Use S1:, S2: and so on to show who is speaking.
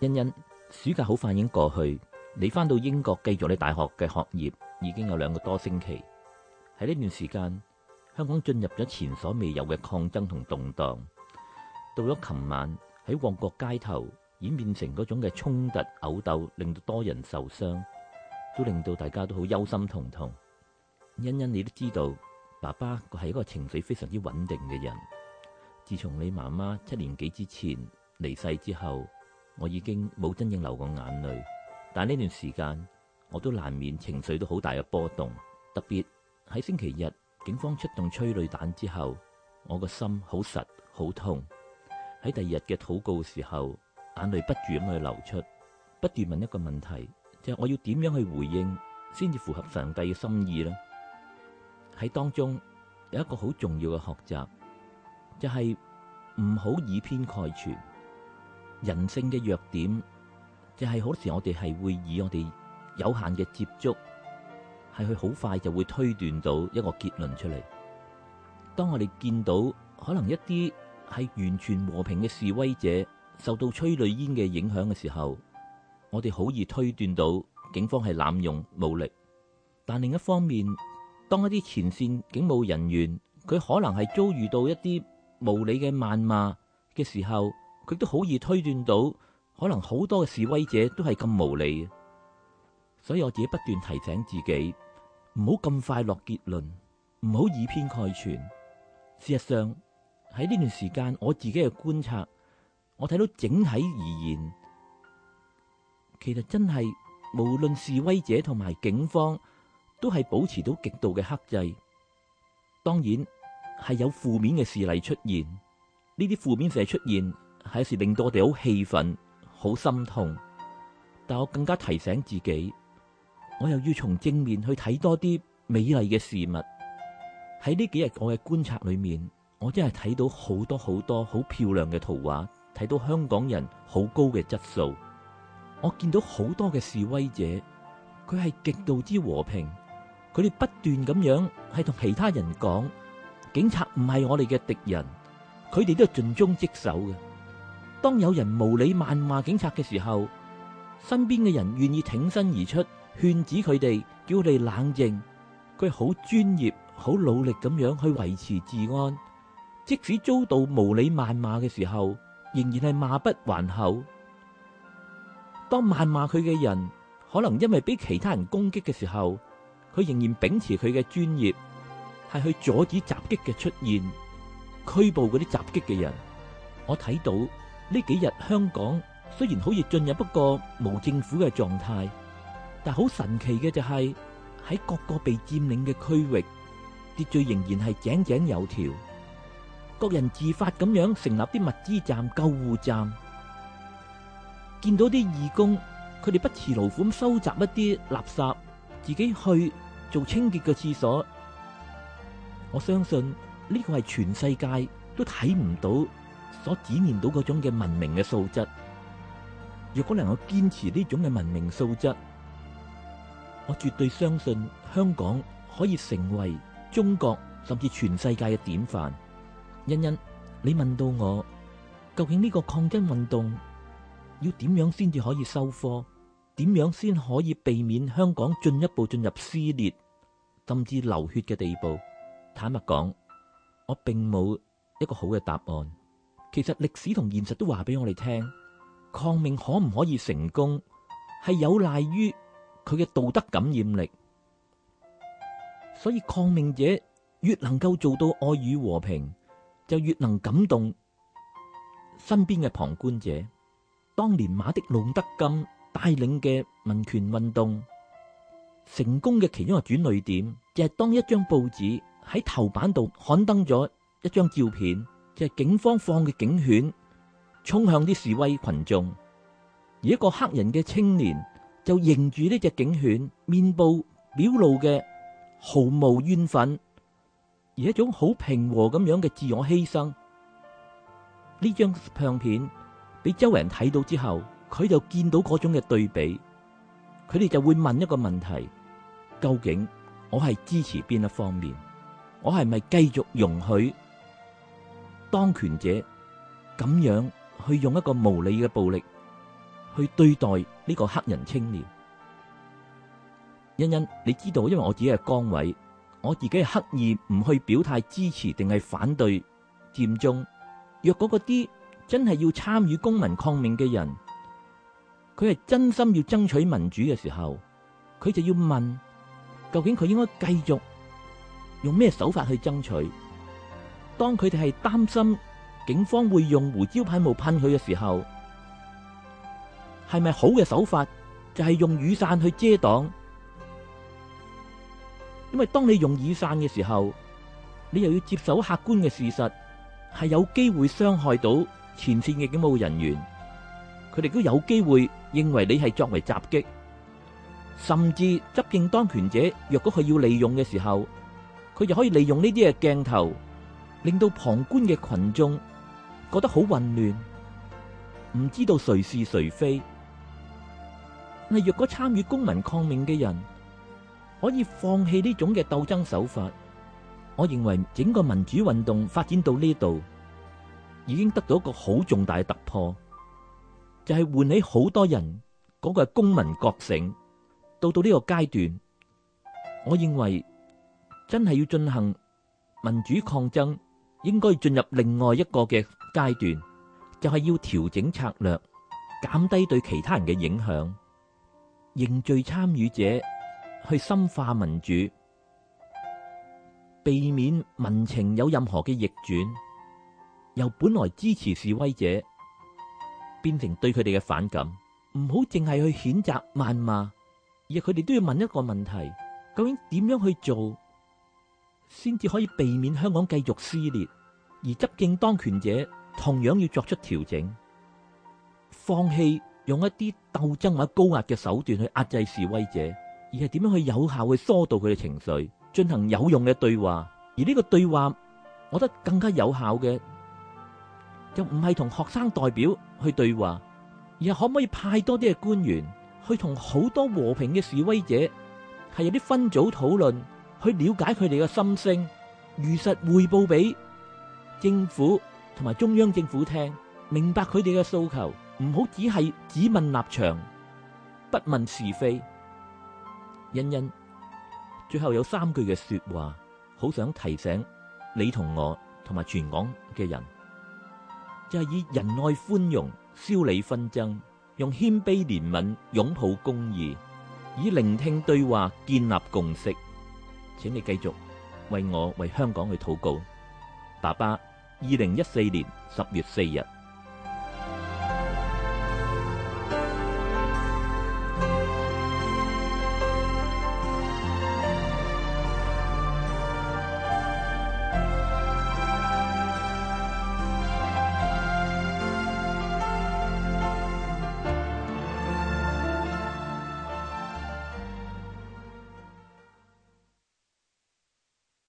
S1: 欣欣，暑假好快已經過去。你翻到英國繼續你大學嘅學業已經有兩個多星期。喺呢段時間，香港進入咗前所未有嘅抗爭同動盪。到咗琴晚喺旺角街頭演變成嗰種嘅衝突、毆鬥，令到多人受傷，都令到大家都好憂心忡忡。欣欣，你都知道爸爸係一個情緒非常之穩定嘅人。自從你媽媽七年幾之前離世之後。我已經冇真正流過眼淚，但呢段時間我都難免情緒都好大嘅波動。特別喺星期日警方出動催淚彈之後，我個心好實好痛。喺第二日嘅禱告時候，眼淚不住咁去流出，不斷問一個問題，就係我要點樣去回應先至符合上帝嘅心意呢？喺當中有一個好重要嘅學習，就係唔好以偏概全。人性嘅弱點，就係好多時我哋係會以我哋有限嘅接觸，係去好快就會推斷到一個結論出嚟。當我哋見到可能一啲係完全和平嘅示威者受到催淚煙嘅影響嘅時候，我哋好易推斷到警方係濫用武力。但另一方面，當一啲前線警務人員佢可能係遭遇到一啲無理嘅謾罵嘅時候，佢都好易推斷到，可能好多嘅示威者都係咁無理嘅，所以我自己不斷提醒自己，唔好咁快落結論，唔好以偏概全。事實上喺呢段時間，我自己嘅觀察，我睇到整體而言，其實真係無論示威者同埋警方都係保持到極度嘅克制。當然係有負面嘅事例出現，呢啲負面事出現。係時令到我哋好氣憤、好心痛，但我更加提醒自己，我又要從正面去睇多啲美麗嘅事物。喺呢幾日我嘅觀察裏面，我真係睇到好多好多好漂亮嘅圖畫，睇到香港人好高嘅質素。我見到好多嘅示威者，佢係極度之和平，佢哋不斷咁樣係同其他人講，警察唔係我哋嘅敵人，佢哋都係盡忠職守嘅。當有人無理謾罵警察嘅時候，身邊嘅人願意挺身而出勸止佢哋，叫佢哋冷靜。佢好專業，好努力咁樣去維持治安。即使遭到無理謾罵嘅時候，仍然係罵不還口。當謾罵佢嘅人可能因為俾其他人攻擊嘅時候，佢仍然秉持佢嘅專業，係去阻止襲擊嘅出現，拘捕嗰啲襲擊嘅人。我睇到。呢幾日香港雖然好似進入不過無政府嘅狀態，但好神奇嘅就係、是，喺各個被佔領嘅區域秩序仍然係井井有條，各人自發咁樣成立啲物資站、救護站，見到啲義工，佢哋不辭勞苦咁收集一啲垃圾，自己去做清潔嘅廁所。我相信呢、這個係全世界都睇唔到。所指念到嗰種嘅文明嘅素質，若果能夠堅持呢種嘅文明素質，我絕對相信香港可以成為中國甚至全世界嘅典範。欣欣，你問到我究竟呢個抗爭運動要點樣先至可以收科，點樣先可以避免香港進一步進入撕裂甚至流血嘅地步？坦白講，我並冇一個好嘅答案。其實歷史同現實都話俾我哋聽，抗命可唔可以成功，係有賴於佢嘅道德感染力。所以抗命者越能夠做到愛與和平，就越能感動身邊嘅旁觀者。當年馬丁路德金帶領嘅民權運動成功嘅其中一個轉捩點，就係、是、當一張報紙喺頭版度刊登咗一張照片。就係警方放嘅警犬衝向啲示威群眾，而一個黑人嘅青年就迎住呢隻警犬，面部表露嘅毫無怨憤，而一種好平和咁樣嘅自我犧牲。呢張相片俾周圍人睇到之後，佢就見到嗰種嘅對比，佢哋就會問一個問題：究竟我係支持邊一方面？我係咪繼續容許？當權者咁樣去用一個無理嘅暴力去對待呢個黑人青年。欣欣，你知道，因為我自己嘅崗位，我自己係刻意唔去表態支持定係反對佔中。若果嗰啲真係要參與公民抗命嘅人，佢係真心要爭取民主嘅時候，佢就要問，究竟佢應該繼續用咩手法去爭取？當佢哋係擔心警方會用胡椒噴霧噴佢嘅時候，係咪好嘅手法就係用雨傘去遮擋？因為當你用雨傘嘅時候，你又要接受客觀嘅事實係有機會傷害到前線嘅警務人員，佢哋都有機會認為你係作為襲擊，甚至執政當權者若果佢要利用嘅時候，佢就可以利用呢啲嘅鏡頭。令到旁觀嘅群眾覺得好混亂，唔知道誰是誰非。但係若果參與公民抗命嘅人可以放棄呢種嘅鬥爭手法，我認為整個民主運動發展到呢度，已經得到一個好重大嘅突破，就係、是、喚起好多人嗰個公民覺醒。到到呢個階段，我認為真係要進行民主抗爭。應該進入另外一個嘅階段，就係要調整策略，減低對其他人嘅影響，凝聚參與者去深化民主，避免民情有任何嘅逆轉，由本來支持示威者變成對佢哋嘅反感。唔好淨係去譴責謾罵，而佢哋都要問一個問題：究竟點樣去做？先至可以避免香港繼續撕裂，而執政當權者同樣要作出調整，放棄用一啲鬥爭或者高壓嘅手段去壓制示威者，而係點樣去有效去疏導佢嘅情緒，進行有用嘅對話。而呢個對話，我覺得更加有效嘅，就唔係同學生代表去對話，而係可唔可以派多啲嘅官員去同好多和平嘅示威者，係有啲分組討論。去了解佢哋嘅心聲，如實匯報俾政府同埋中央政府聽，明白佢哋嘅訴求，唔好只係只問立場，不問是非。欣欣最後有三句嘅說話，好想提醒你同我同埋全港嘅人，就係以仁愛寬容消弭紛爭，用謙卑憐憫擁抱公義，以聆聽對話建立共識。請你繼續為我為香港去禱告，爸爸。二零一四年十月四日。